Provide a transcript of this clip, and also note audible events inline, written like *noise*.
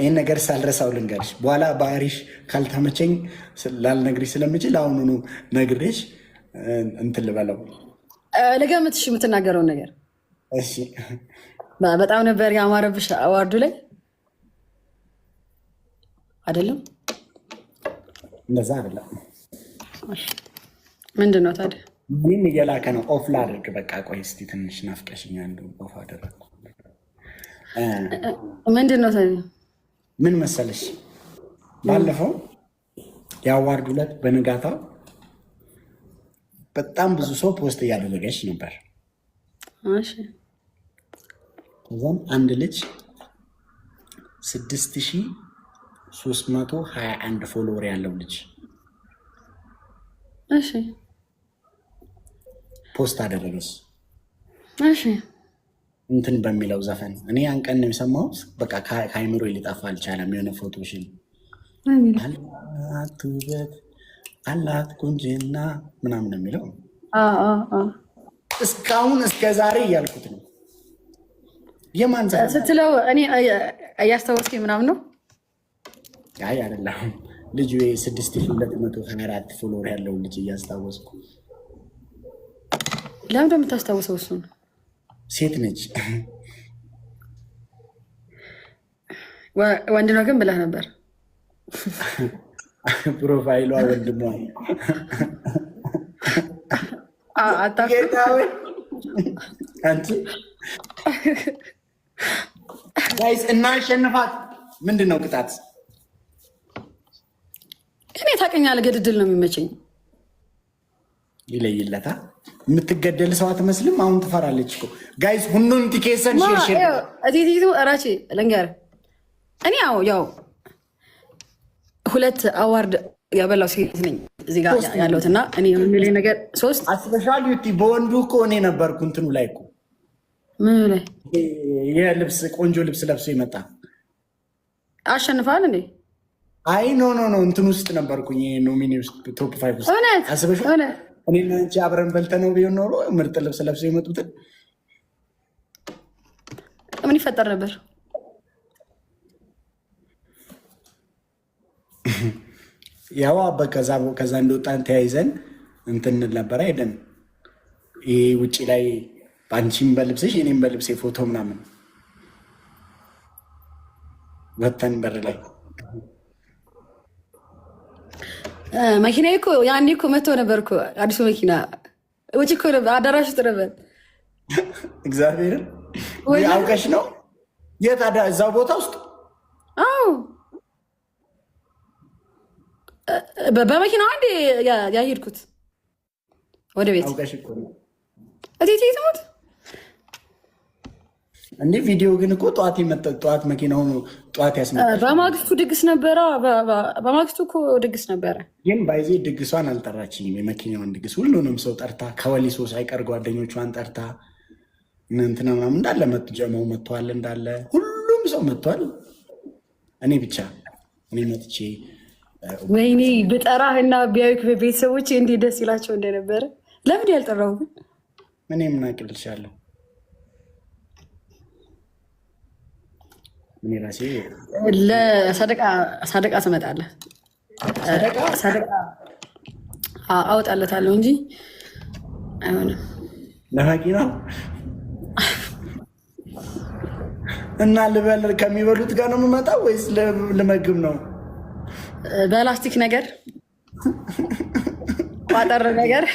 ይህን ነገር ሳልረሳው ልንገርሽ። በኋላ ባህሪሽ ካልታመቸኝ ላልነግርሽ ስለምችል አሁኑኑ ነግሬሽ እንትን ልበለው። ልገምትሽ የምትናገረውን ነገር እሺ። በጣም ነበር ያማረብሽ አዋርዱ ላይ አይደለም? እንደዛ አይደለም። ምንድን ነው ታዲያ? ይህም እየላከ ነው። ኦፍ ላድርግ። በቃ ቆይ እስኪ ትንሽ ናፍቀሽኛል። ኦፍ አደረግኩ። ምንድን ነው ታዲያ? ምን መሰለሽ ባለፈው የአዋርድ ዕለት በንጋታው በጣም ብዙ ሰው ፖስት እያደረገች ነበር። ከዛም አንድ ልጅ ስድስት ሺ ሶስት መቶ ሀያ አንድ ፎሎወር ያለው ልጅ ፖስት አደረገች። እንትን በሚለው ዘፈን እኔ ያን ቀን ነው የሰማሁት። በቃ ከአይምሮ ሊጠፋ አልቻለም። የሆነ ፎቶሽን አላት ውበት አላት ቁንጅና ምናምን የሚለው እስካሁን እስከ ዛሬ እያልኩት ነው። የማን ስትለው እኔ እያስታወስኩኝ ምናምን ነው። አይ አይደለም ልጁ ስድስት ሺህ ሁለት መቶ ሀያ አራት ፎሎወር ያለውን ልጅ እያስታወስኩ ለምን የምታስታውሰው እሱ ነው ሴት ነች። ወንድ ነው ግን ብለህ ነበር። ፕሮፋይሏ ወንድሟ ጋይስ እናሸንፋት። ምንድን ነው ቅጣት? እኔ ታውቀኛለህ፣ ግድድል ነው የሚመቸኝ ይለይለታ የምትገደል ሰው አትመስልም። አሁን ትፈራለች እኮ ጋይስ። ሁሉን ቲኬሰን ሽርሽርቲቱ ራቼ ለንገር እኔ ያው ያው ሁለት አዋርድ ያበላው ሴት ነኝ እዚህ ጋር ያለሁት እና እኔ የሚል ነገር ሶስት አስፔሻል ዩቲ በወንዱ እኮ እኔ ነበርኩ እንትኑ ላይ እኮ ምን ላይ የልብስ ቆንጆ ልብስ ለብሶ ይመጣ አሸንፋል እንዴ? አይ ኖ ኖ ኖ እንትን ውስጥ ነበርኩኝ ኖሚኒ ውስጥ ቶፕ ፋይቭ ውስጥ እኔና አንቺ አብረን በልተ ነው ቢሆን ኖሮ ምርጥ ልብስ ለብሰው የመጡትን ምን ይፈጠር ነበር? ያው አበ ከዛ እንደወጣን ተያይዘን እንትን ነበር አይደን ይህ ውጭ ላይ በአንቺም በልብስሽ እኔም በልብሴ ፎቶ ምናምን ወተን በር ላይ መኪና እኮ ያኔ እኮ መቶ ነበር እኮ አዲሱ መኪና ውጭ እኮ አዳራሽ ውስጥ ነበር። እግዚአብሔርን አውቀሽ ነው? የት? እዛው ቦታ ውስጥ አዎ። በመኪና አንዴ ያሄድኩት ወደ ቤት እቴቴ ትሙት እንዴ ቪዲዮ ግን እኮ ጠዋት የመጣ ጠዋት መኪና ሆኖ ጠዋት ያስመጣ። በማግስቱ ድግስ ነበረ። በማግስቱ እኮ ድግስ ነበረ። ግን ባይዜ ድግሷን አልጠራችኝም። የመኪናውን ድግስ ሁሉንም ሰው ጠርታ ከወሊሶ ሳይቀር ጓደኞቿን ጠርታ እንትና ምናምን እንዳለ መጡ። መጥተዋል። እንዳለ ሁሉም ሰው መጥቷል። እኔ ብቻ እኔ መጥቼ ወይኔ ብጠራህ እና ቢያዩክ በቤተሰቦች እንዴት ደስ ይላቸው እንደነበረ። ለምን ያልጠራሁ ግን እኔ ምን አቅልልሻለሁ ለሰደቃ ትመጣለ ትመጣለህ አውጣለታለሁ እንጂ አይሆንም። ነው እና ልበል ከሚበሉት ጋር ነው የምመጣው ወይስ ልመግብ ነው? በላስቲክ ነገር ቋጠር *laughs* ነገር